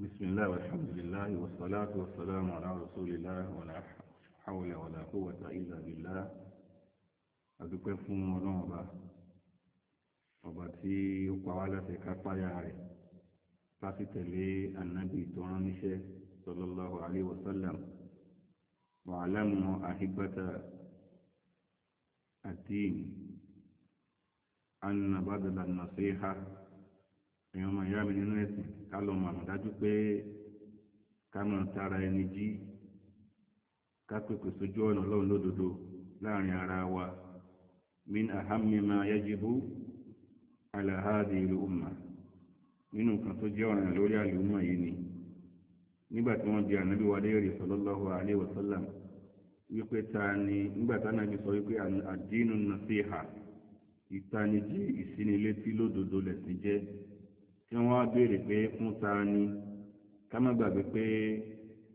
بسم الله والحمد لله والصلاة والسلام على رسول الله ولا حول ولا قوة إلا بالله adúpẹ́ fún ọlọ́run ọba ọba tí ó pa wá láti kápáyà rẹ̀ láti tẹ̀lé ànábì tó rán níṣẹ́ sallallahu alaihi wasallam wa alamu ahibata ad-din anna badala an-nasiha èèyàn ọmọ ìyá mi nínú ẹ̀sìn ká lọ àmọ̀ pé ká tara ẹni jí ká pèpè sójú ọ̀nà ọlọ́run lódodo láàrin ara wa min ahammi ma yajibu ala hadhihi umma nínú nǹkan tó jẹ́ ọ̀ràn lórí àlùmọ̀ yìí ni nígbà tí wọ́n bi ànábì wa léèrè sallallahu alaihi wípé ta ni nígbà ànábì sọ wípé nasiha ìtanijí lódodo lẹ̀sìn jẹ́ tí wọ́n á béèrè pé fún ta ni ká má gbàgbé pé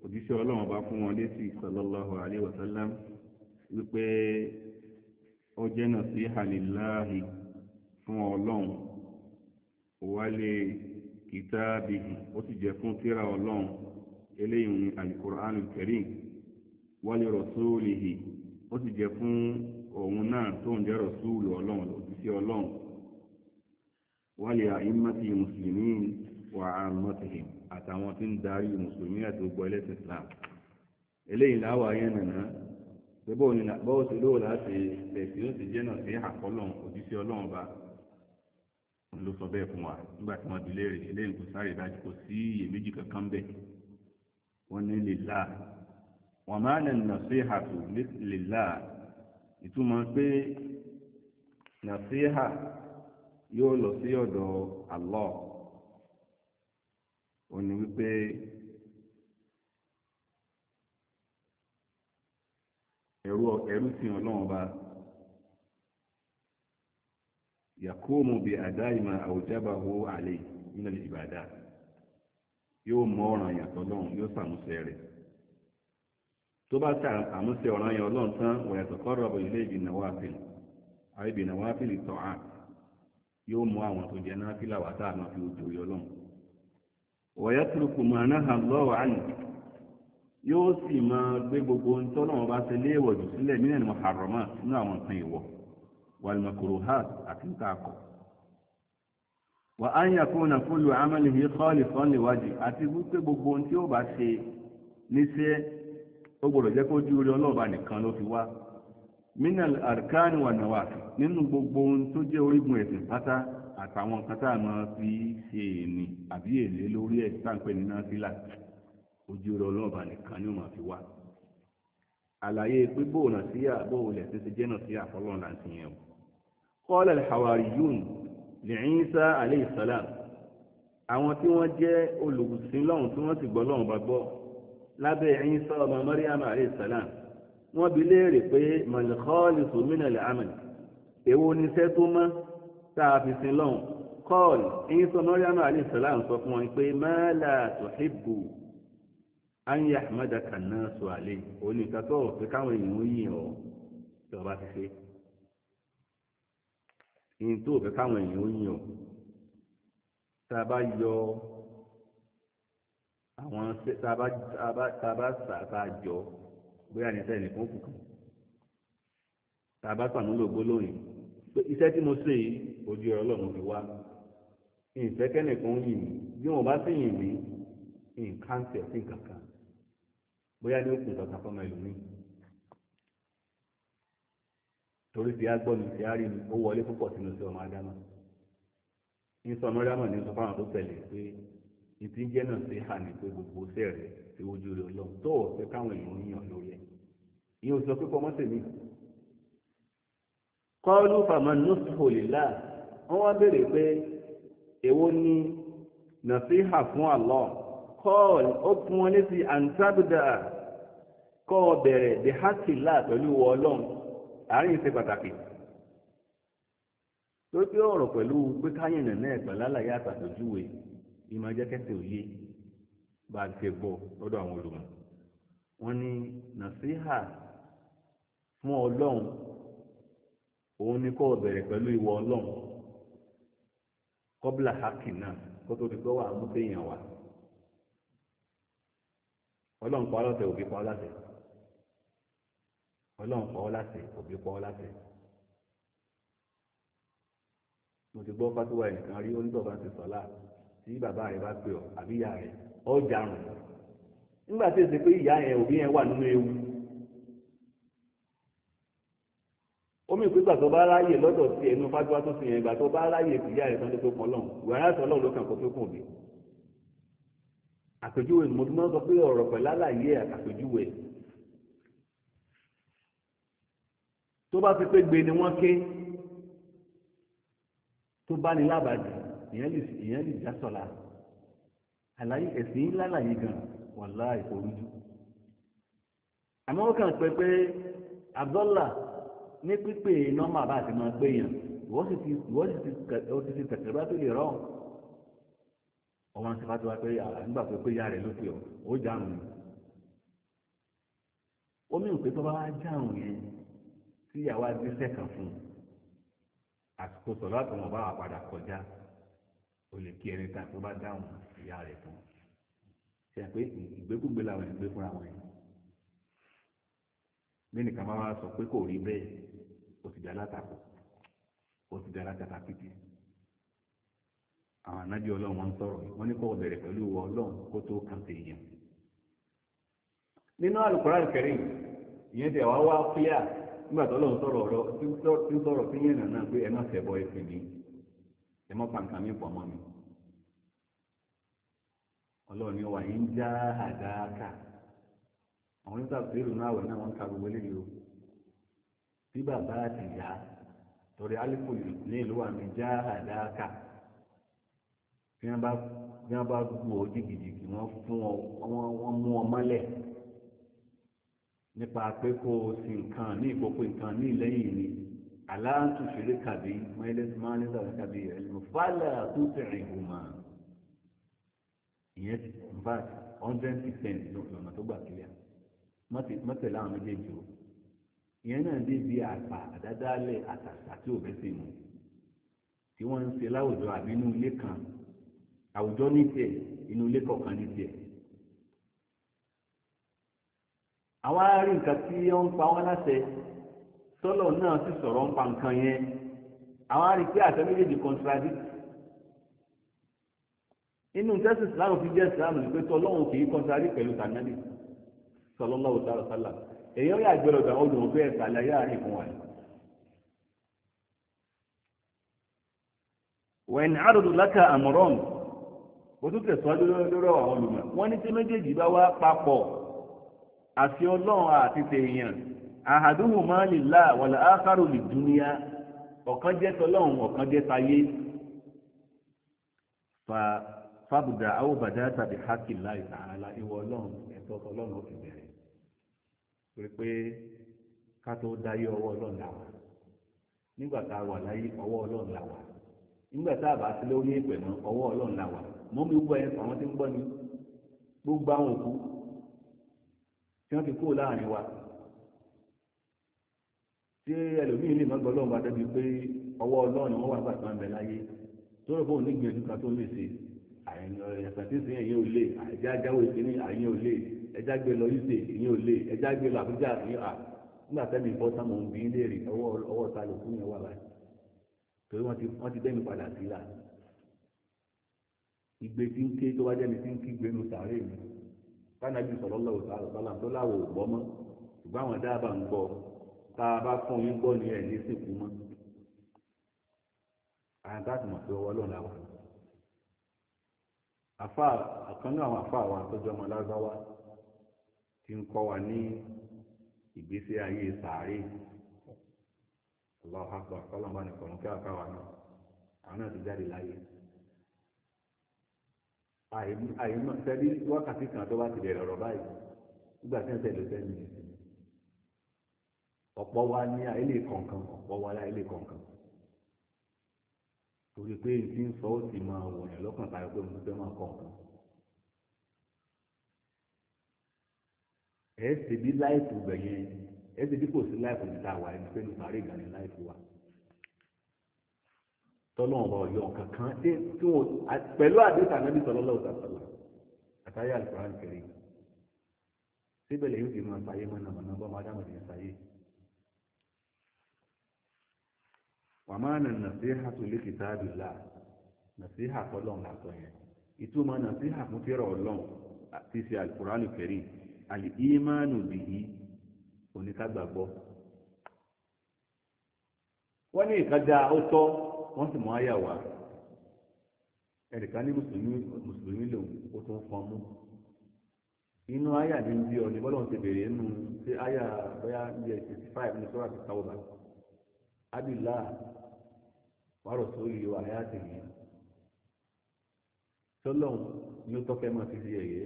òjíṣẹ́ ọlọ́run bá fún wọn létí sallallahu alaihi wasallam wípé ó jẹ́ nasiha lillahi fún ọlọ́run wálé ó sì jẹ́ fún tírà ọlọ́run eléyìí ní alukur'an karim wálé rọ̀súlìhì ó sì jẹ́ fún òun náà tó ń jẹ́ ọlọ́run òjíṣẹ́ ọlọ́run wálé àìmọ́tì mùsùlùmí wà àmọ́tì àtàwọn tí ń darí mùsùlùmí àti gbogbo ẹlẹ́sìn Islam eléyìí láwà yẹn nàná pé bóun ni báwo ṣe lówó láti tẹ̀sí ó sì jẹ́nà sí àkọ́lọ̀ òjíṣẹ́ ọlọ́run ba ló sọ bẹ́ẹ̀ fún wa nígbà tí wọ́n di léèrè eléyìí kò sáré dájú kò sí iyèméjì kankan bẹ́ẹ̀ wọ́n ní lèlá wọ́n máa nà nàṣíhàtù lèlá ìtumọ̀ pé nàṣíhà yóò lọ sí ọ̀dọ̀ Allah ó ní wípé ẹ̀rú ẹ̀rú sí ọlọ́run ọba yakumu bi adaima ale alayhi nínú ìbàdà yóò mọ ọ̀ràn yàtọ̀ lọ́run yóò sàmúṣe rẹ̀ tó bá ta àmúṣe ọ̀ràn yàn ọlọ́run tán wọ̀nyàtọ̀ kọ́ rọ̀bù ilé ìbìnà wáfìlì àìbìnà wáfìlì tọ́ àti yóò mú àwọn tó jẹ náà fílà wá tá a máa fi ojú yọ lọ́n wọ̀yẹ́ turuku máa náà hàn lọ́wọ́ àná yóò sì máa gbé gbogbo ohun tó náà bá ṣe léèwọ̀ jù sílẹ̀ nínú ẹ̀nu àrọ̀mọ́ nínú àwọn nǹkan ìwọ̀ wàlùmọ̀kòrò ha àti nǹkan akọ̀ wà á ń yàkó na fúlù amẹ́lìhì kọ́ọ̀lì sọ́ọ̀lì wájú àti wípé gbogbo ohun tí ó bá ṣe níṣẹ́ ó gbọ́dọ̀ jẹ́ kó jú orí ọlọ́ọ̀bá nìkan ló fi wá minal arkani wa nawafi nínú gbogbo ohun tó jẹ́ orígun ẹ̀sìn pátá àtàwọn nǹkan tá a máa fi ṣe èèní àbí èlé lórí ẹ̀ sáǹpẹ́ ní násílà ojú rẹ ọlọ́ọ̀bà nìkan ni ó máa fi wá àlàyé pé bóò nà sí àbóò lẹ̀ sí ti jẹ́ nà sí àfọlọ́n là yẹn o qala al-hawariyun li Isa alayhi salam àwọn tí wọ́n jẹ́ olùsìn lọ́hùn tí wọ́n sì gbọ́ lọ́hùn bá gbọ́ lábẹ́ Isa ọmọ Maryam alayhi salam wọ́n bi léèrè pé mọ̀lẹ́kọ́ọ̀lì sòmínà lẹ́hàmìn èwo níṣẹ́ tó mọ́ tá a fi sin lọ́hùn kọ́ọ̀lì ẹ̀yin sọ mọ́ríàmù àlẹ́sọ̀lá ń sọ fún wọn pé mẹ́lá tòhíbù ányà mẹ́dàkà náà sọ àlẹ́ òní ìtàtọ̀ pé káwọn èèyàn yìn ọ́ tí ọba ti ṣe ìyìn tó fẹ́ káwọn èèyàn yìn ọ́ tá a bá yọ àwọn tá a bá tá a bá tá a jọ bóyá ní ẹsẹ̀ nìkan kù kan tá a bá sàmúlò gbólóyìn pé iṣẹ́ tí mo ṣe yìí ojú ọlọ́run fi wá ìfẹ́kẹ́nìkan yìn mí bí wọ́n bá sì yìn mí nǹkan tẹ̀ sí nǹkan kan bóyá ní òkun kankan fọmọ ẹlòmíì torí ti á gbọ́ mi ti á rí mi ó wọlé púpọ̀ sínú sí ọmọ ádámà ní sọmọ ádámà ní sọ fáwọn tó tẹ̀lé pé ìtìjẹ́ náà ṣe hà ní pé gbogbo sẹ́ẹ̀rẹ́ síwájú rẹ̀ lọ tó o fẹ́ káwọn èèyàn yàn lórí ẹ̀ ìyẹn ò sọ pé kọ́mọ́ tèmi. kọ́ọ̀lù fàmán nùsùlù lílà wọ́n wá béèrè pé èwo ni nàfíhà fún Allah kọ́ọ̀lù ó fún wọn létí àǹtábùdà kọ́ ọ bẹ̀rẹ̀ the hakila pẹ̀lú ọlọ́run àárín ìṣe pàtàkì tó pé ọ̀rọ̀ pẹ̀lú pé káyìn nàná ẹ̀ pẹ̀lú àlàyé àtàtòjúwe ìmọ̀ jẹ́kẹ́sẹ̀ òye bá a ti gbọ́ lọ́dọ̀ àwọn olùmọ̀ wọ́n ní nàṣíhà fún ọlọ́run òun ni kó o bẹ̀rẹ̀ pẹ̀lú ìwọ ọlọ́run kọ́bílà hakin náà kó tó di pé wà á mú kéèyàn wá ọlọ́run pa ọlọ́tẹ̀ òbí pa ọlọ́tẹ̀ ọlọ́run pa ọlọ́tẹ̀ òbí pa ọlọ́tẹ̀ mo ti gbọ́ fatuwa ẹnìkan rí onítọ̀ọ̀bá ti sọ̀lá tí bàbá rẹ̀ bá pè ọ́ àbíyá rẹ̀ ọjà rùn nígbà tí èsì pé ìyá yẹn òbí yẹn wà nínú ewu omi ìpínpà tó bá ráyè lọ́dọ̀ sí ẹnu fájúwá tó fi yẹn ìgbà tó bá ráyè ìyá rẹ̀ tán tó tó pọ̀ lọ́hùn wàrà àti ọlọ́run ló kàn kó tó kùn òbí àpèjúwe mo tún máa ń sọ pé ọ̀rọ̀ pẹ̀lú àlàyé àpèjúwe tó bá fi pé gbe ni wọ́n ké tó bá ní lábàdì ìyẹn lè já sọ̀la àlàyé ẹ̀sìn lálàyé gan wàlá ìforújú àmọ́ ó kàn pé pé abdullah ní pípé nọ́mbà bá ti máa pé yàn wọ́n sì ti wọ́n sì ti ti tẹ̀sẹ̀ bá tó lè rọ̀ ọmọ àti fatiwa pé àgbà pé pé ya rẹ̀ ló pè ọ́ ó jáàmù ni ó mìíràn pé tó bá wá jáàmù yẹn tí ìyàwó adé sẹ́kàn fún un àsìkò sọ̀rọ̀ àtọ̀mọ̀ bá wà padà kọjá o lè kí ẹni tán tó bá dáhùn ìyá rẹ̀ tán ṣe àpé ìgbékúgbé làwọn ìgbé fúnra wọn yìí bí nìkan máa wá sọ pé kò rí bẹ́ẹ̀ o ti dá látakò o ti dá látàkà pìtì àwọn anájọ ọlọ́run wọn ń sọ̀rọ̀ wọn ní kó o bẹ̀rẹ̀ pẹ̀lú ìwọ ọlọ́run kó tó kàn sí èèyàn nínú Al-Qur'an Karim ìyẹn tẹ̀ wá wá fíà nígbà tó lọ́run sọ̀rọ̀ ọ̀rọ̀ tí ń sọ̀rọ̀ sí yẹn nàná pé ẹ má fẹ́ bọ́ ẹ sì ní mọ́ pàǹkà mi pọ̀ mọ́ mi ọlọ́run ni wà ń já àdáàkà àwọn nígbà tó èrò náà wẹ̀ náà wọ́n ń ka gbogbo eléyìí o bí bàbá àti ìyá torí alifu ní ìlú wa mi já àdáàkà bí wọ́n bá bí wọ́n bá gbù ọ́ jìgìjìgì wọ́n fún ọ wọ́n mú ọ mọ́lẹ̀ nípa pé kó o sin nǹkan ní ìkókó nǹkan ní ìlẹ́yìn ni aláǹtù ṣeré kàbí mẹ́lẹ́sì máa ní sọ̀rọ̀ kàbí ẹ̀lùmọ̀ fàlà tó tẹ̀rẹ̀ ìhùmà ìyẹn ti in fact hundred percent lọ́nà tó gbà kílíà mọ́tẹ̀lá àwọn méjèèjì o ìyẹn náà dé bí àpà àdádálẹ̀ àtàtà tí ò bẹ́sẹ̀ mu tí wọ́n ń ṣe láwùjọ àbí inú ilé kan àwùjọ ní tiẹ̀ inú ilé kọ̀ọ̀kan ní tiẹ̀ àwọn arí tí wọ́n ń pa wọ́n láṣẹ tọ́lọ̀ náà sì sọ̀rọ̀ ń pa nǹkan yẹn àwọn arí pé àṣẹ méjèèjì contradict inú tẹ́sí ìsìláàmù fi jẹ́ ìsìláàmù ni pé tọ́lọ́hún kì í contradict pẹ̀lú tànàbì sallallahu ta'ala sálà èèyàn yà gbẹ́rọ̀ gbà ó dùn pé ẹ̀ka àlàyé àárín fún wa ni. wẹ̀n àròdù lákà àmọ̀rán ó tún tẹ̀síwájú lórí àwọn olùmọ̀ wọ́n ní tí méjèèjì bá wá papọ̀ àfi ọlọ́run àti tèèyàn ahaduhuma lillah wal akharu lidunya ọ̀kan jẹ́ tọlọ́hun ọ̀kan jẹ́ tayé fa àwòbàdà tàbí haqillahi ta'ala ìwọ ọlọ́run ẹ̀tọ́ ọlọ́run òfin bẹ̀rẹ̀ pé pé ká tó dáyé ọwọ́ ọlọ́run là nígbà tá a wà láyé ọwọ́ ọlọ́run nígbà tá a bá lórí mọ́ ọwọ́ ọlọ́run mọ́ mi gbọ́ àwọn ti tí ẹlòmíì lè má gbọ́ lọ́wọ́ bá débi pé ọwọ́ ọlọ́run ni wọ́n wà gbàgbọ́ ń bẹ láyé tó rò fóun nígbìyànjú kan tó lè ṣe àyìn ẹ̀sán tí ìsìn yẹn ò lè àìjá jáwé ìsìn àyìn ò lè ẹjá gbé lọ ìsè ìyẹn ò lè ẹjá gbé lọ àbújá ìyẹn à nígbà tẹ́mi bọ́ sáwọn òbí ń léèrè ọwọ́ ọwọ́ ta lòkú yẹn wà báyìí torí wọ́n ti wọ́n ti dẹ́mi padà sí là ìgbé tí ń ké tó wá jẹ́ni tí ń kí gbénu sàárè mi kánájú sọ̀rọ̀ lọ́wọ́ sàlọ̀ sàlàm tó láwọ̀ ò ṣùgbọ́n àwọn dáàbà ń gbọ́ tá a bá fún yín gbọ́ ní ẹ̀ ní mọ́ mọ̀ pé àwọn ọmọ lágbáwá ti ń kọ́ wa ní ìgbésí ayé sàárè ọlọ́wọ́ nìkan náà àwọn náà ti jáde láyé àyè sẹ́bí wákàtí kan tó bá ti bẹ̀rẹ̀ ọ̀rọ̀ báyìí nígbà tí wọ́n tẹ̀lé ọ̀pọ̀ wa ní àìlè kọ̀ọ̀kan ọ̀pọ̀ wa láìlè kọ̀ọ̀kan torí pé n ti ń sọ ó sì máa wọ̀nyàn lọ́kàn tayọ pé mo fẹ́ máa kọ̀ọ̀kan ẹ̀ ṣe bí láìpù gbẹ̀yẹn ẹ̀ ṣe bí kò sí láìpù níta wà ẹni pé nípa rí ìgbàlẹ̀ láìpù wa tọ́lọ́wọ́n bá ọ̀yọ́ kankan tí wọ́n pẹ̀lú àdéhùn ànábì sọlọ́lọ́ òtàtàlà àtàyà àlùkò àǹkẹ́rì síbẹ̀ lẹ́yìn tí wọ́n wàmánà nàṣíhà tó lè kìtà àdùlá nàṣíhà tọ́lọ́n látọ̀ yẹn ìtumọ̀ nàṣíhà fún fẹ́rẹ̀ ọlọ́n ti ṣe alukuranu kẹrin àlè ìmánu bìyí oníkàgbàgbọ́. wọ́n ní ìkájà ó tọ́ wọ́n sì mọ àyà wá ẹnìkan ní mùsùlùmí lòun ó tún fọ́n mú inú àyà ní bí ọ ní bọ́lá ń ti bèrè nínú sí àyà bóyá bíi sixty five ní sọ́ra ti sáwọ́ báyìí abilá wàrọ̀ tó yí wa ayá tèmi tọ́lọ́hún ni ó tọ́kẹ́ máa fi di ẹ̀yẹ́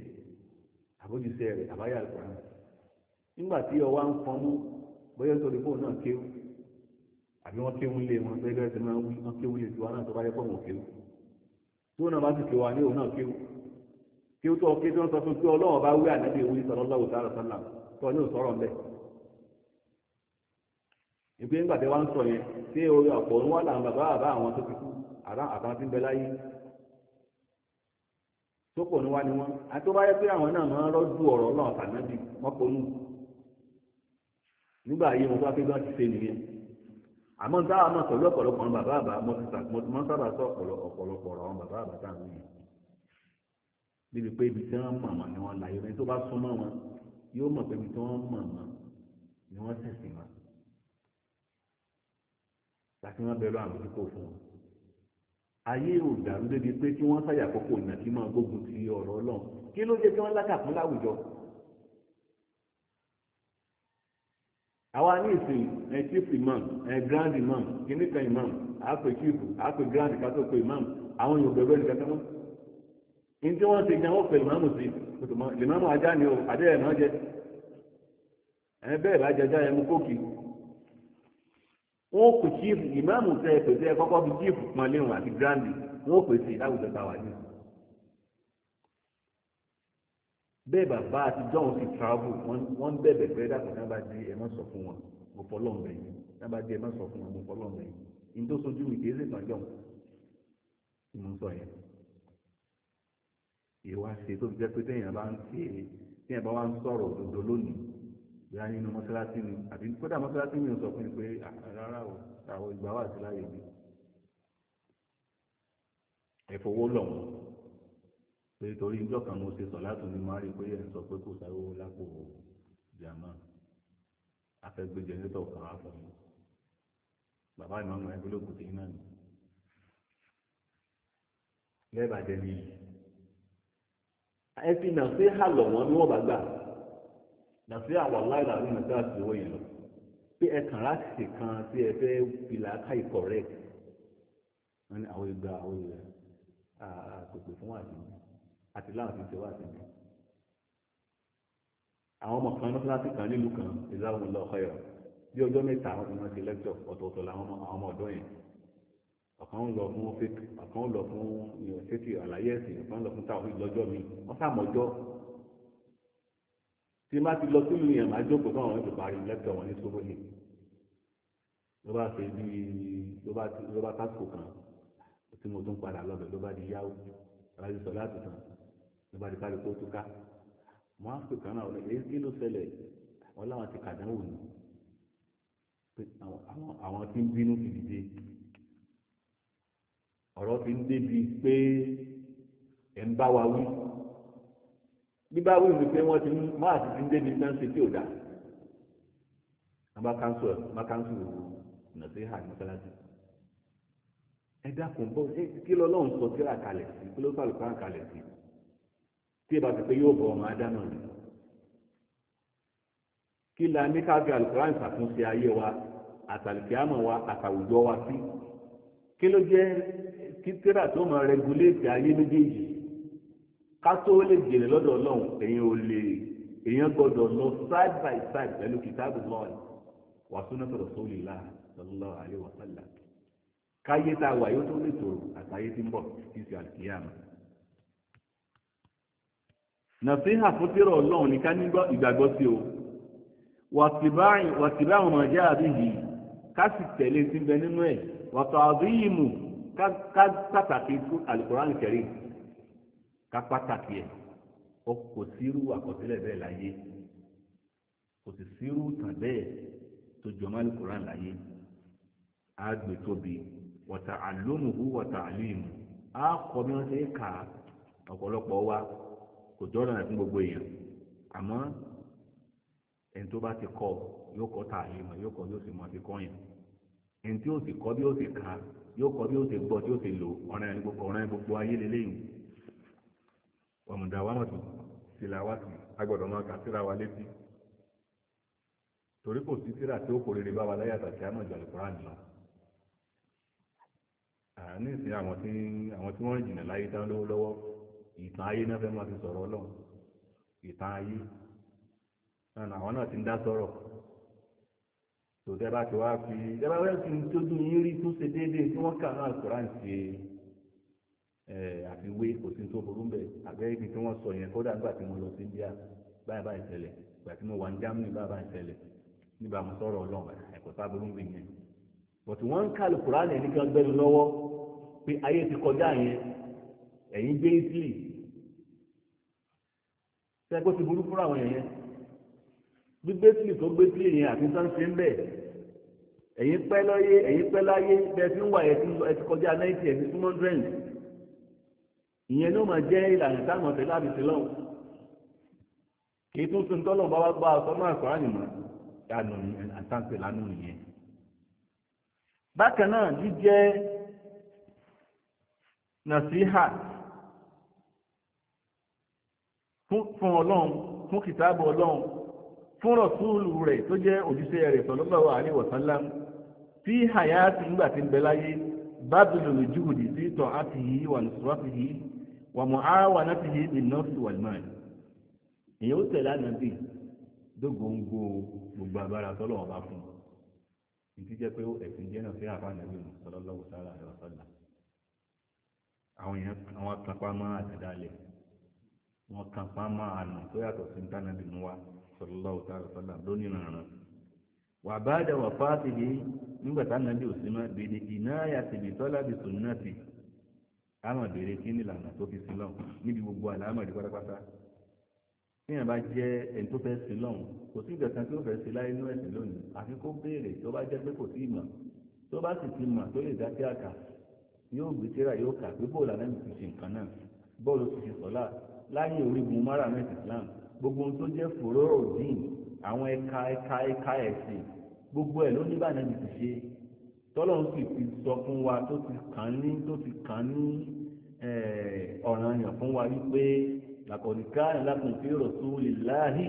àbójúṣe rẹ̀ àbáyà àgbọ̀n nígbà tí ọwá ń fọnú bóyá nítorí fóònù náà kéwù àbí wọ́n kéwù lé wọn bẹ́ẹ̀ bẹ́ẹ̀ tí wọ́n kéwù lé tiwa náà tó bá yẹ pọ̀ wọn tí wọn náà bá sì kéwà ní òun náà kéwù kéwù tó ọkẹ́ tí wọ́n sọ fún pé ọlọ́wọ́n bá wí ànábì ìwé sọ̀rọ̀ lọ́wọ́ sára sọ́nà tó ọ ní òsọ̀rọ̀ bẹ́ẹ̀ ìgbé ńgbà tẹ wá ń sọ yẹn ṣé orí ọ̀pọ̀ òun wà láwọn bàbá bàbá àwọn tó ti kú àtàwọn tí ń bẹ láyé tó pọ̀ ní wá ni wọ́n àti tó bá yẹ pé àwọn náà máa ń rọ́jú ọ̀rọ̀ náà tànábì wọ́n ponú nígbà ayé wọn bá pé bá ti ṣe nìyẹn àmọ́ níta àwọn sọ̀rọ̀ ọ̀pọ̀lọpọ̀ àwọn bàbá àbá mo ti sábà sọ ọ̀pọ̀lọpọ̀ àwọn bàbá àbá táwọn yìí níbi pé ibi tí wọ́n mọ̀ mọ̀ ni wọ́n láyé rẹ̀ tó bá súnmọ́ wọn yóò mọ̀ pé ibi tí wọ́n mọ̀ mọ̀ ni wọ́n tẹ̀sí wọn. láti wọn bẹ̀rù àmójútó fún wọn ayé ò dàrú débi pé kí wọ́n sáyà àkókò ìnà kí máa gbógun ti ọ̀rọ̀ Ọlọ́run kí ló jẹ́ kí wọ́n lákàtún láwùjọ àwa ní ìsìn ẹ chief imam ẹ grand imam kìnnìkan imam àápè chief àápè grand kátó pé imam àwọn yóò bẹ̀rù kankan mọ́ ní tí wọ́n ti sí ajá ni o àdéhùn náà jẹ ẹ bẹ́ẹ̀ bá mú kókì wọn ò pè chief ìmáàmù tẹ ẹ pèsè kọ́kọ́ bí chief pọn léwọn àti grandi wọn ò pèsè láwùjọ tá a wà ní. bẹ́ẹ̀ bàbá àti john ti travel wọ́n ń bẹ̀bẹ̀ pé dàpọ̀ náà bá di ẹ̀ má sọ fún wọn mo fọlọ́ ń bẹ̀ yín náà bá di ẹ̀ má sọ fún wọn mo fọlọ́ ń bẹ̀ yín ní tó sojú mi kìí ṣètàn john tí mo ń sọ yẹn. ìwà ṣe tó fi jẹ́ pé téèyàn bá ń sọ̀rọ̀ òdodo lónìí bóyá nínú mọ́sálásí ni àbí kódà mọ́sálásí mi ò sọ fún mi pé ah, rárá o àwọn ìgbà wà sí láàyè mi ẹ̀fọ́wó lọ̀ wọ́n pé torí ìjọ kan mo ṣe sọ láti ní máa rí pé ẹ̀ ń sọ pé kò sáré owó lápò jàmá afẹ́gbé jẹnẹtọ̀ kan á fún mi bàbá ìmọ̀ọ́mọ ẹgbẹ́ lókùn tí náà ni lẹ́ẹ̀bàjẹ́ ni ẹ fi nà sí hà lọ̀ ní wọ́n bá gbà nàfi àwọn aláìlà ní nàìjíríà àti owó yẹn lọ pé ẹ kàn láti kan tí ẹ fẹ́ ìlà ká ikọ̀ rẹ̀ wọ́n ní àwọn ìgbà àwọn ìlà àpèpè fún wàásù àti láwọn ti ń ṣe wàásù àwọn ọmọ kan mọ́sálásí kan nílùú kan ìzáwọn ọlọ́ ọ̀kọ́ yọ bí ọjọ́ mẹ́ta àwọn ọmọ ti lẹ́kítọ̀ ọ̀tọ̀ọ̀tọ̀ làwọn ọmọ ọ̀dọ́ yẹn ọ̀kan ń lọ fún fẹ́kì ọ̀kan ń lọ fún fẹ́kì àlàyé ẹ̀sìn ọ̀kan ń lọ fún táwọn ìlọ́jọ́ mi wọ́n sàmọ́jọ́ tí má ti lọ sílùú yẹn máa jókòó fún àwọn ètò parí lẹ́tọ̀ wọn ní sọ́wọ́ yìí ló bá fẹ́ bí ló bá tásìkò kan tí mo tún padà lọ́bẹ̀ ló bá di yáwó láti sọ láti tàn ló bá di kárí kó túká mo á pè kan náà ọ̀rẹ́ èyí kí ló ṣẹlẹ̀ wọn láwọn ti kàdánwò ni àwọn tí ń bínú ti dìde ti ń débi pé ẹ̀ ń bá wa wí bíbá wí mi pé wọ́n ti mú máa ti fi ń débi náà ṣe tí ò dá abakansu ẹ abakansu nàti hà mọ́sálásí ẹ dákun bọ́ ẹ kí lọ́lọ́run sọ tíra kalẹ̀ sí kí ló sàlùkọ́ àkàlẹ̀ sí tí ẹ bá ti pé yóò bọ̀ ọmọ ádámọ̀ ni kí la ní ká fi alukuran ṣàtúnṣe ayé wa àtàlùkíámọ̀ wa àtàwùjọ wa sí kí ló jẹ́ kí tíra tó máa rẹguléètì ayé méjèèjì ká tó lè jèrè lọ́dọ̀ ọlọ́run èèyàn ò lè èèyàn gbọ́dọ̀ lọ side by side pẹ̀lú kìtàbù lọ́ọ̀lì wà súná sọ̀rọ̀ sóòlì là sallallahu alaihi wa sallam káyé tá a wà yóò tó lè tòrò àtàyé tí ń bọ̀ kí sí àkíyàmù. nàfíhà fún tírọ̀ ọlọ́run ní ká nígbọ́ ìgbàgbọ́ sí o wàtíbá àwọn ọmọ ajá àbíyí ká sì tẹ̀lé sí bẹ nínú ẹ̀ wàtọ̀ àbíyí mù ká pàtàkì Al-Qur'an Karim ká pàtàkì ẹ̀ ó kò sírú àkọsílẹ̀ bẹ́ẹ̀ láyé kò sì sírú tàn bẹ́ẹ̀ tó jọmọ́ alukoran láyé á gbé tóbi wọ̀tà àlómùhù wọ̀tà àlùmù á kọ́ bí wọ́n ṣe kà á ọ̀pọ̀lọpọ̀ wa kò jọ́nà fún gbogbo èèyàn àmọ́ ẹni tó bá ti kọ́ yóò kọ́ tààlímù yóò kọ́ yóò sì mọ̀ fi kọ́yìn ẹni tí yóò sì kọ́ bí yóò sì kà á yóò kọ́ bí yóò sì gbọ́ tí yóò sì lò ọ̀ràn ẹni gbogbo ayé lélẹ́yìn wàmùdà wàmùtù tìlàwàtì agbọ́dọ̀ máa kà síra wa létí torí kò sí síra tí ó kò rere bá wa láyé àtàkì àmọ́ ìjọ alukoran lọ àní ìsìn àwọn tí àwọn tí wọ́n jìnnà láyé tán lówó lọ́wọ́ ìtàn ayé náà fẹ́ máa fi sọ̀rọ̀ Ọlọ́run ìtàn ayé náà àwọn náà ti ń dá sọ̀rọ̀ tòtẹ́ bá ti wá fi ẹ bá wẹ́ẹ́ fi tójú yín rí tó ṣe déédéé tí wọ́n kà náà alukoran ṣe é. Eh, àfi wé kò sí tó burú bẹ àbẹ́ ibi tí wọ́n sọ yẹn kódà nígbà tí mo lọ sí India báyìí báyìí ṣẹlẹ̀ ìgbà tí mo wà ní Germany báyìí báyìí ṣẹlẹ̀ nígbà mo sọ̀rọ̀ ọlọ́run ẹ̀kọ́ sá burú bẹ yẹn bọ̀tù wọ́n ń kálù kùránì ẹni kan gbẹ́nu lọ́wọ́ pé ayé ti kọjá yẹn ẹ̀yin gbé Italy sẹ́kọ́ ti burú fúnra àwọn yẹn gbígbé Italy tó gbé Italy yẹn àti sáńsì ń bẹ̀ ẹ̀yin pẹ́ lọ́yé ẹ̀yin pẹ́ láyé bẹ́ẹ̀ fi ń wà ẹ̀ ti kọjá ninety ẹ̀ ti two hundred ìyẹn ló máa jẹ́ ìlànà táwọn ọ̀tẹ̀ láti ti lọ́wọ́ kì í tún tún tọ́lọ̀ bá wá gbá ọ̀tọ́ náà kọ́ra nìmọ̀ ìyànà àtàǹpẹ̀ lánàá nìyẹn. bákan náà jíjẹ́ nàṣíhà fún ọlọ́run fún kìtàbù ọlọ́run fún rọ̀túùlù rẹ̀ tó jẹ́ òjíṣẹ́ rẹ̀ sallallahu alaihi wasallam tí hayati nígbà tí ń bẹ láyé bábìlì lójúùdì sí ìtàn àti yìí wà lùsùwàtì wà mọ̀ á wà náà fi ní nọ́ọ̀sì wà lùmọ́ọ̀n èyí ó tẹ̀lé ànábì dógóńgó gbogbo agbára tọ́lọ̀ ọba fún un ìdí jẹ́ pé ẹ̀sìn jẹ́ náà fẹ́ràn fún ànábì mu sọlọ́lọ́wọ́ sára ẹ̀rọ sọ́là àwọn èèyàn àwọn akápá máa àtẹ̀dálẹ̀ wọn kan máa àná tó yàtọ̀ sí ntánàbì mu wa sọlọ́lọ́wọ́ sára ẹ̀rọ lónìí nàrán wà bá dẹ̀ wà fáàtì yìí nígbà tánàbì ò sí mọ́ ìnáyà tìbìtọ́lá bìtùnú náà káwọn béèrè kí ní ìlànà tó fi sí lọ́hùn níbi gbogbo àlámọ̀ ìdí pátápátá tí yẹn bá jẹ́ ẹni tó fẹ́ sí lọ́hùn kò sí ìgbẹ̀kan tí ó fẹ́ sí láyé inú ẹ̀sìn lónìí àfi kó béèrè tó bá jẹ́ pé kò sí ìmọ̀ tó bá sì ti mọ̀ tó lè dá sí àkà yóò gbé tíra yóò kà pé bóòlù àlẹ́ ti ṣe nǹkan náà bóòlù ti ṣe sọ́lá láyé orígun mara mẹ́tì Islam gbogbo ohun tó jẹ́ fòróró àwọn ẹ̀ka ẹ̀ka ẹ̀ka ẹ̀sìn gbogbo ẹ̀ ló ní bá àlẹ́ ti ṣe tọ́lọ́run sì ti sọ fún wa tó ti kàn ní tó ti kàn ní ọ̀ràn yàn fún wa wípé làkọ̀díkà lakum fi rasulillahi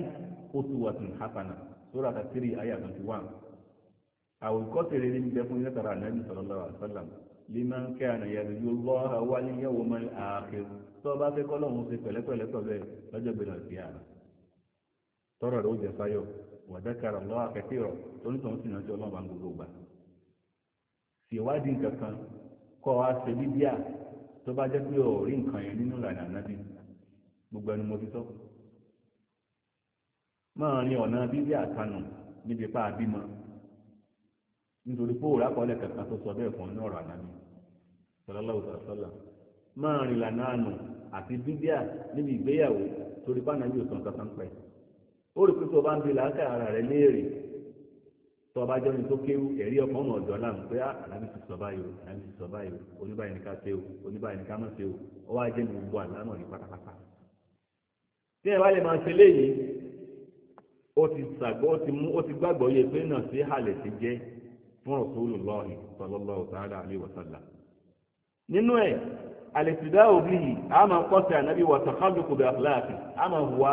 uswatun hasana sura tàtírí ayé àtúntì wà. àwòkọ́ tèrè ní bẹ fún iná tara ànábì sallallahu alaihi wasallam liman kana yarjullaha wal yawmal akhir tó bá fẹ́ kọ́lọ́run ṣe pẹ̀lẹ́pẹ̀lẹ́ pẹ̀lú ẹ̀ lọ́jọ́ gbẹ̀rẹ̀ sí àná tọ́rọ̀ rẹ̀ ó jẹ sáyọ̀ wa dhakara Allaha kathira tó nítorí sí náà tí ọlọ́run bá ń gbogbo gbà ṣèwádìí nǹkan kan kọ́ wa ṣe bíbíà tó bá jẹ́ pé ò rí nǹkan yẹn nínú ìlànà gbogbo ẹnu mo ti sọ. máa rin ọ̀nà bíbíà kanù níbi pa àbímọ nítorí pé kọ́lẹ̀ kankan tó sọ bẹ́ẹ̀ fún ọ ní ọ̀rọ̀ ànábì sọlọ́láwù sọ̀rọ̀sọ́là máa rin ìlànà àánú àti bíbíà níbi ìgbéyàwó torí tọba jọ ní tó kéwú ẹ̀rí ọkàn ọmọ ọ̀dọ́ náà pé ah, àlámì ti sọ báyìí o àlámì ti sọ báyìí o oníbàyìí ní ká ṣe o oníbàyìí ní ká má ṣe o ó wá jẹ́ ní gbogbo àlámọ̀ ní pátápátá. tí ẹ bá lè máa ṣe léyìí ó ti sàgbọ́ ó ti mú ó ti gbàgbọ́ yẹ pé náà sí halẹ̀ ti jẹ́ fún Rasulullah sallallahu ta'ala alaihi wa sallam. nínú ẹ̀ àlèsìdá òbí yìí a máa kọ́sẹ̀ ànábì wà sàkálùkù bí àfúláàfì a máa hùwà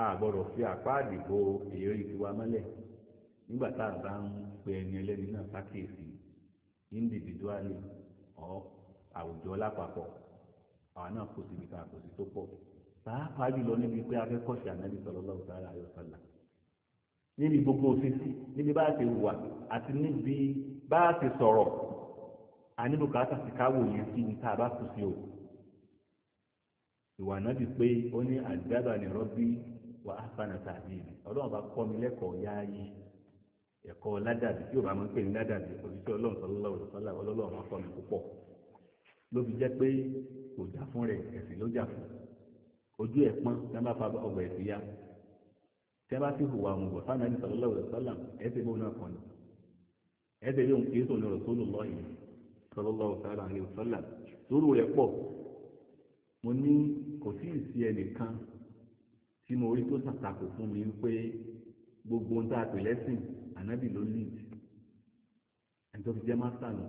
a gbọ́dọ̀ fi àpáàdì bo èrí tiwa mọ́lẹ̀ nígbà tá a bá ń pe ẹni ẹlẹ́ni náà sákèsì individually ọ àwùjọ lápapọ̀ àwọn náà kò síbi kan àkòsí tó pọ̀ pàápàá jùlọ níbi pé akẹ́kọ̀ọ́sì ànábì sallallahu ta'ala alaihi wasallam níbi gbogbo òṣìṣì níbi bá a ti wà àti níbi bá a ti sọ̀rọ̀ àníbùkátà sí káwò yẹn sí ní tá a bá kù sí o ìwà náà ti pé ó ní àdábà ní rọ́bí wà á fana tàbí rẹ̀ ọlọ́run bá mi lẹ́kọ̀ọ́ ya yi ẹkọ ládàbí yóò bá máa ń ní ládàbí òṣìṣẹ́ ọlọ́run sọlọ́lá òṣìṣẹ́ ọlọ́run máa kọ́ mi ló fi pé kò jà fún rẹ̀ ẹ̀sìn ló jà fún ojú ẹ̀ tí bá fa ọgbà tí bá hùwà fáwọn náà kàn tí mo rí tó ṣàtakò fún mi pé gbogbo ohun tá a pè lẹ́sìn ànábì ló lead ẹni tó fi jẹ́ master nù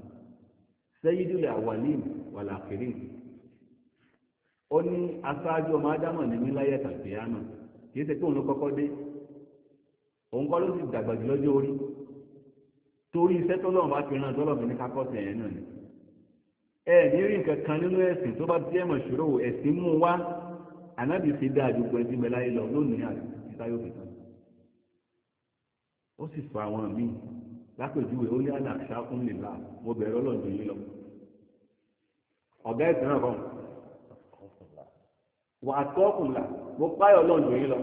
sayyidul awwalin wal akhirin ó ní aṣáájú ọmọ ádámọ̀ ní níláyé tàbí àná kì í ṣe pé òun ló kọ́kọ́ dé òun kọ́ ló sì dàgbà jù lọ́jọ́ orí torí iṣẹ́ tọ́lọ́run bá fi ran tọ́lọ́run ní kákọ́sẹ̀ yẹn náà ni ẹ ní rí nǹkan kan nínú ẹ̀sìn tó bá jẹ́ mọ̀ṣúrò ẹ̀sìn mú wá ànábì fi dá àdúgbò ẹbí mẹ́láyé lọ lónìí àtìsáyò fi tán ó sì fa àwọn míì lápèjúwe ó ní àlàáṣá fún nìlá mo bẹ̀rẹ̀ ọlọ́dún yìí lọ ọ̀gá ìtàn náà kàn wà á tọ́ ọkùnlá mo páyọ̀ ọlọ́dún yìí lọ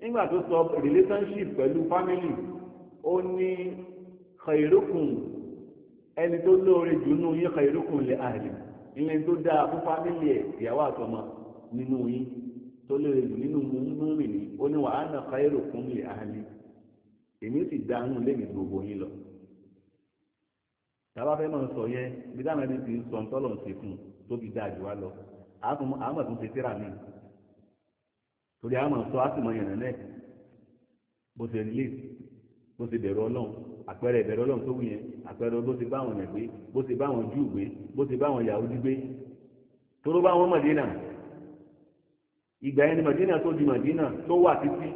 nígbà tó sọ relationship pẹ̀lú family ó ní khairukum ẹni tó lóore jù nù yín khairukum lè àlè ilé tó dáa fún family ẹ̀ ìyàwó àtọmọ nínú yín tó lè rìn nínú múmi ní ó ní wàá nà káírò fún mi àhálí èmi sì dánú lẹ́yìn gbogbo yín lọ tàbá fẹ́ máa sọ yẹn bí dáná ẹni ti ń sọ ń tọ́lọ̀ ń ṣe fún un tó fi dáa jù wá lọ àmọ̀ tún ṣe síra mi torí àmọ̀ sọ á sì mọ yànnà náà bó ṣe lè bó ṣe bẹ̀rù ọlọ́run àpẹẹrẹ ìbẹ̀rù ọlọ́run tó wù yẹn àpẹẹrẹ bó ṣe bá àwọn yẹn gbé bó ṣe bá àwọn júù gbé bó ṣe bá àwọn yahudi gbé tó bá wọn mọ̀dé náà ìgbà yẹn Madina tó di Madina tó wà títí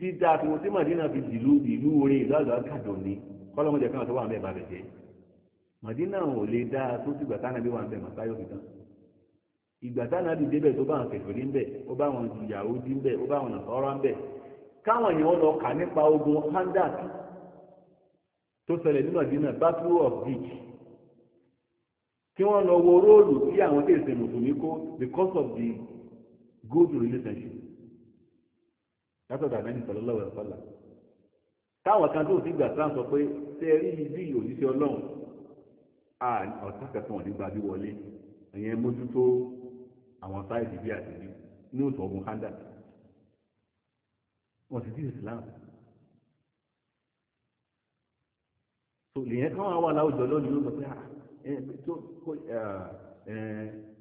títí dáa tí Madina fi dìlú ìlú orin ìlú àgbà kàdùn ní kọ́lọ́mọdé kan tó wà ń bẹ́ẹ̀ Madina ò lè dáa tó ti gbà tánàbí wà ń bẹ́ẹ̀ màtáyọ̀ nìkan ìgbà tánàbí débẹ̀ tó bá àwọn kẹfìrí ń bẹ̀ ó bá àwọn Yahudi ń bẹ̀ ó bá àwọn nàfọ́rọ́ ogun tó ní Madina Battle of kí wọ́n lọ wo róòlù tí àwọn tí èsè mùsùlùmí kó because of the good relationship látọ̀ dàbẹ́ ní sọ̀rọ̀ lọ́wọ́ ẹ̀fọ́lá táwọn kan tó ti gbà sáà sọ pé ṣe rí ibi òṣìṣẹ́ ọlọ́run ọ̀tá kẹsàn-án wọn nígbà bí wọlé ẹ̀yẹn mójútó àwọn sáìdì bí àtìbí ní òtò ọ̀gùn kanda wọ́n ti Islam so lèyẹn káwọn wà láwùjọ lónìí ló sọ pé ah, ẹ eh,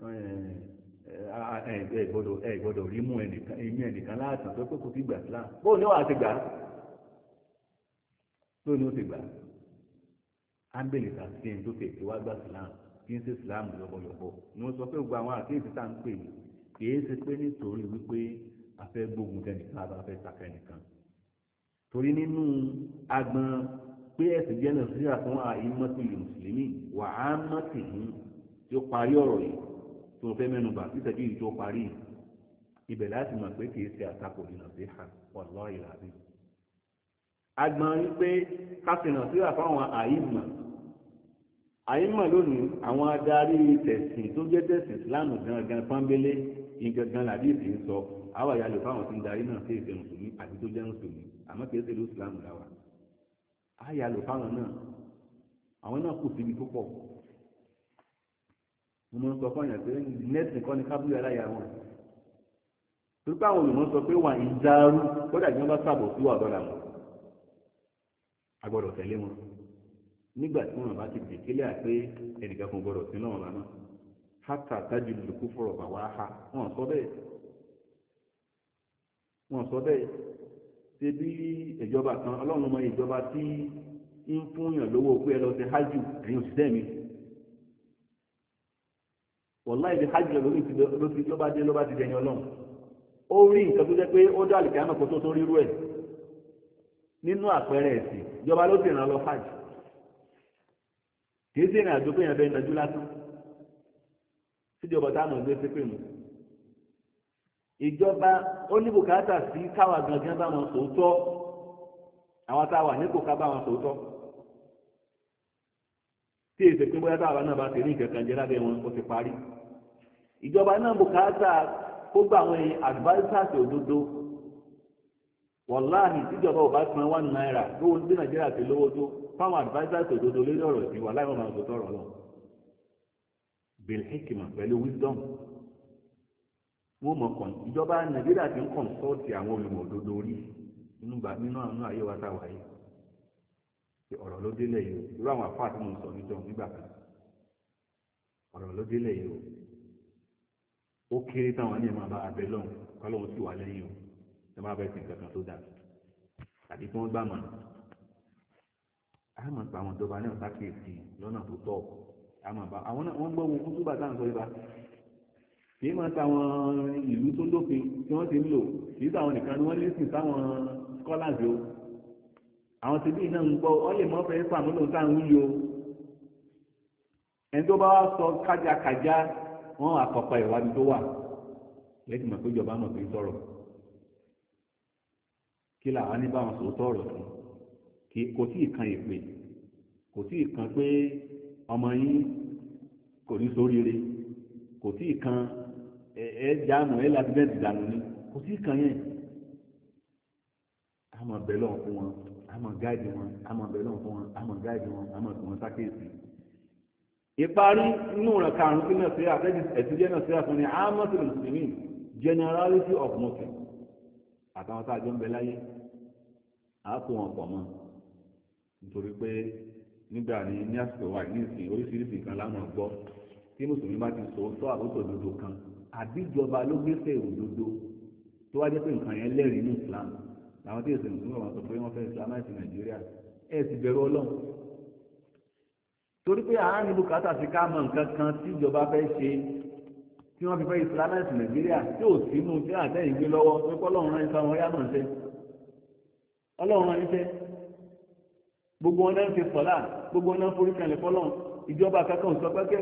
eh, eh, gbọ́dọ̀ rí mú ẹnìkan ẹ̀mí ẹnìkan láàtàn tó kókò sí gbà sílá bó ní wàá ti gbà tó ní ó ti gbà ábẹ́lì tàbí ẹni tó tẹ̀sí wá gbà sílá kí n ṣe síláàmù lọ́bọ̀lọ́bọ̀ ni wọ́n sọ pé gbogbo àwọn àkéèsí tá à ń pè yìí kì í ṣe pé nítorí wípé a fẹ́ gbógun tẹnìkan a bá fẹ́ sàkẹ́ nìkan torí nínú agbọn pé ẹ̀sìn jẹ́ nàìjíríà fún àìmọ́tò mùsùlùmí wà á mọ́tì hún tí ó parí ọ̀rọ̀ yìí tí wọ́n fẹ́ mẹ́nu bà tí ìtẹ́jú yìí tó parí ibẹ̀ láti mọ̀ pé kì í ṣe àtakò ìnàṣẹ́hà ọ̀lọ́ ìlàbí. agbọ̀n rí pé káfíń nàìjíríà fáwọn àìmọ̀ àìmọ̀ lónìí àwọn adarí tẹ̀sìn tó jẹ́ tẹ̀sìn ìsìláàmù gangan pọ́nbélé ìgangan làbí ìsìn sọ àwọn àyàlò fáwọn tí ń darí náà sí ìsìn mùsùlùmí àbí tó jẹ́ mùsùlùmí àmọ́ kì ṣe lóṣù àyà lò fáwọn náà àwọn náà kù síbi tó pọ̀ mo máa ń sọ fún yàn pé nẹ́ẹ̀sì kọ́ ni kábílì aláya wọn torí pé àwọn olùmọ̀ sọ pé wà ń dárú kódà ìjọba sàbọ̀ sí wà dọ́là wọn a gbọ́dọ̀ tẹ̀lé wọn nígbà tí wọn bá ti dèkélé àpé ẹnìkan kan gbọ́dọ̀ sí náà lánàá hátà tájú lùkú fọ̀rọ̀ bàwá ha wọn sọ bẹ́ẹ̀ wọn sọ bẹ́ẹ̀ ṣe bí ìjọba kan ọlọ́run mọ ìjọba tí ń fúnyàn lówó pé ẹ lọ sí hajj ẹ̀yin òṣìṣẹ́ mi wọ̀láì lè hajj lórí ti ló bá dé ló bá ti dẹ̀yìn ọlọ́run ó rí nǹkan tó jẹ́ pé ó dá àlìkà náà kó tó rírú ẹ̀ nínú àpẹẹrẹ ẹ̀sìn ìjọba ló sì ràn lọ hajj kì í sì rìn àjò pé yẹn fẹ́ nàjú lásán síjọba táwọn ọ̀gbẹ́ sí pé mu ìjọba ó ní bùkátà sí káwa gangan bá wọn sòótọ́ àwọn a wà nípò ká bá wọn sòótọ́ tí èsè pé bóyá táwa náà bá ti rí nǹkan kan jẹ lábẹ́ wọn ó ti parí ìjọba náà bùkátà kó gba àwọn advisers òdodo wàláhì tíjọba ò bá san one naira lówó ní nàìjíríà ti lówó tó fáwọn advisers òdodo lórí ìsìn wọn máa sòótọ́ wọ́n mọ̀ kàn ìjọba nàìjíríà ti ń kọ̀ǹsọ́ọ̀tì àwọn olùmọ̀ òdodo rí nínú àwọn ayé wa táwa yìí ọ̀rọ̀ ló délẹ̀ yìí o irú àwọn àfáà tí mo sọ níjọ nígbà kan ọ̀rọ̀ ló délẹ̀ yìí o ó kéré táwọn ní ẹ̀ máa bá abẹ lọ́hùn kọ́lọ́hún sì wà lẹ́yìn o ẹ máa bẹ sìn kankan tó dáa tàbí kí wọ́n gbà mọ̀ àmọ̀ pa àwọn ìjọba náà sákèsì lọ́nà tó tọ́ àmọ̀ bá àwọn náà wọ́n gbọ́ wọn kútúbà táwọn kìí máa táwọn ìlú tó lófin tí wọ́n ti ń lò kìí táwọn nìkan ni wọ́n lè sìn táwọn scholars o àwọn tìbí náà ń gbọ́ ọ lè mọ́ fẹ́ sàmúlò táwọn wí o ẹni tó bá wá sọ kájàkájà wọn àkọ́kọ́ ìwádìí tó wà lẹ́tì mọ̀ pé ìjọba mọ̀ pé ń sọ̀rọ̀ kí làwọn ní báwọn sòótọ́ ọ̀rọ̀ fún kò tí ì kan ìpè kò tí ì kan pé ọmọ yín kò ní sóríire kò tí ì kan ẹ jáàmù ẹ láti bẹ́ẹ̀ dìdànù ni kò sí kàn yẹn àmọ̀ bẹ́ẹ̀ lọ́n fún wọn àmọ̀ gáàdì wọn àmọ̀ bẹ́ẹ̀ lọ́n fún wọn àmọ̀ gáàdì wọn àmọ̀ tí wọ́n sákèsì. ìparí inú rẹ̀ karùn-ún sí náà sí àtẹ́jú ẹ̀tújẹ́ náà sí àfúnni amọ́sí mùsùlùmí generality of muslim àtàwọn tá a jọ ń bẹ láyé àá kó wọn pọ̀ mọ́ nítorí pé nígbà ní ní àsìkò wa ní ìsìn oríṣiríṣi nǹkan láwọn gbọ́ tí mùsùlùmí bá ti sọ sọ àkóso òdodo kan àbí ìjọba ló gbèsè òdodo tó wá jẹ́ pé nǹkan yẹn lẹ́rìí ní islam làwọn tí èsì nǹkan wọn sọ pé wọ́n fẹ́ islamite nàìjíríà ẹ̀ sì bẹ̀rù ọlọ́run torí pé àárín bùkátà sí ká mọ nǹkan kan tí ìjọba fẹ́ ṣe tí wọ́n fi fẹ́ islamite nàìjíríà tí ò sínú tí àtẹ̀yìn gbé lọ́wọ́ pé kọ́lọ́run rán iṣẹ́ wọn yá mọ̀ ṣe ọlọ́run rán iṣẹ́ gbogbo wọn náà ń ṣe sọ́lá gbogbo wọn náà ń forí kalẹ̀ fọ́lọ́run ìjọba kankan ò sọ pé kí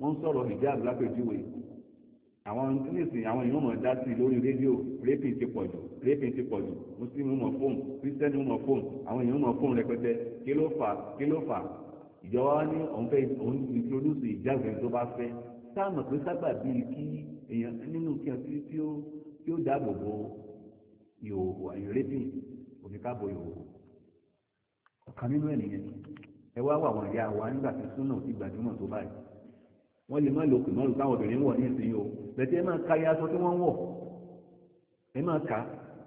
wọ́n ń sọ̀rọ̀ hijab lápèjúwe àwọn nísìn àwọn èèyàn mọ̀ dá sí lórí rédíò rẹ́pìn ti pọ̀ jù rẹ́pìn ti pọ̀ jù mùsùlùmí mọ̀ fóònù kírísítẹ́nì mọ̀ fóònù àwọn èèyàn mọ̀ fóònù rẹpẹtẹ kí ló fà kí ló fà ìjọba wa ní òun fẹ́ òun introduce hijab ẹni tó bá fẹ́ sáàmù pé sábà bíi kí èèyàn nínú kí ọ tí ó tí ó dáàbò bo ìhòòhò àyọ̀rẹ́bìn òfìkábò ìhòòhò ọ̀kan nínú ẹ̀ nìyẹn ẹ wá wà wọ̀nyí àwa nígbà tí súnà ti gbajúmọ̀ tó báyìí wọ́n lè má lo kìmọ́rù táwọn obìnrin wọ̀ ní ìsìn yìí o bẹ̀tẹ̀ ẹ máa ka iye aṣọ tí wọ́n ń wọ̀ ẹ máa ka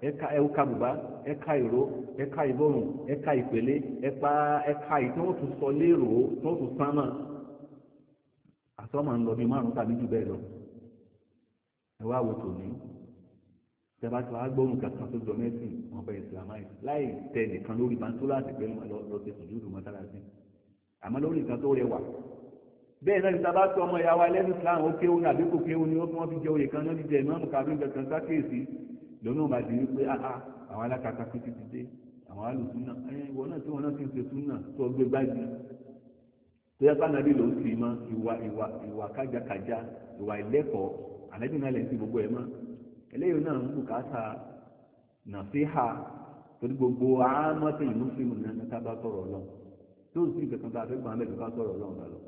ẹ ka ẹ ka bùbá ẹ ka ìró ẹ ka ìbọrùn ẹ ka ìpèlé ẹ pa ẹ ka yìí tí wọ́n tún sọ lérò tí wọ́n tún sán mọ́ àṣọ máa ń lọ bí márùn tàbí jù bẹ́ẹ̀ lọ ẹ wá wo tòní tẹ́bá tí wàá gbóhùn kankan tó jọ mẹ́sìn wọn bẹ ìsìlámáì láì tẹ nìkan lórí bantó láti pé lọ sí sùjúdù mọ́tálásí àmọ́ lórí nǹkan tó rẹwà bẹ́ẹ̀ náà ní sábà tó ọmọ ìyá wa lẹ́nu islam ó kéwú ní àbíkò kéwú ni ó fi wọ́n fi jẹ oyè kan náà jíjẹ ìmọ̀ọ́mù kàbí kankan sákèèsí lónà máa di wípé áhà àwọn alákatá fi ti dé àwọn alùsùnà ẹ̀yìn ìwọ náà tí wọn náà ti ń ṣe súnà tó gbé gbájú tó yẹ fáwọn nàbí ló ń fi mọ ìwà ìwà ìwà kájàkájà ìwà ìlẹ́kọ̀ọ́ àlẹ́bí náà lẹ́sìn gbogbo ẹ̀ mọ́ eléyìí náà ń bùkátà nàfíhà torí gbogbo àmọ́tẹ̀yìn mùsùlùmí náà ní ká bá sọ̀rọ̀ lọ tó sì kẹ̀kẹ́ tá a fẹ́ gbọ́n abẹ́ẹ̀ká sọ̀rọ̀ lọ́wọ́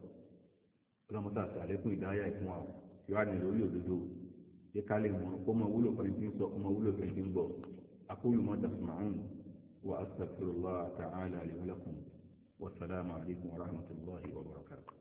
ọlọ́mọta àlékún ìdáyà ìfún wa yóò wá ní lórí òdodo yẹ ká lè mọ kó mọ wúlò fún ẹni sọ kó mọ wúlò fún ẹni bọ̀ aqulu ma tasma'un wa astaghfirullah ta'ala li wa lakum wa salaamu alaykum wa rahmatullahi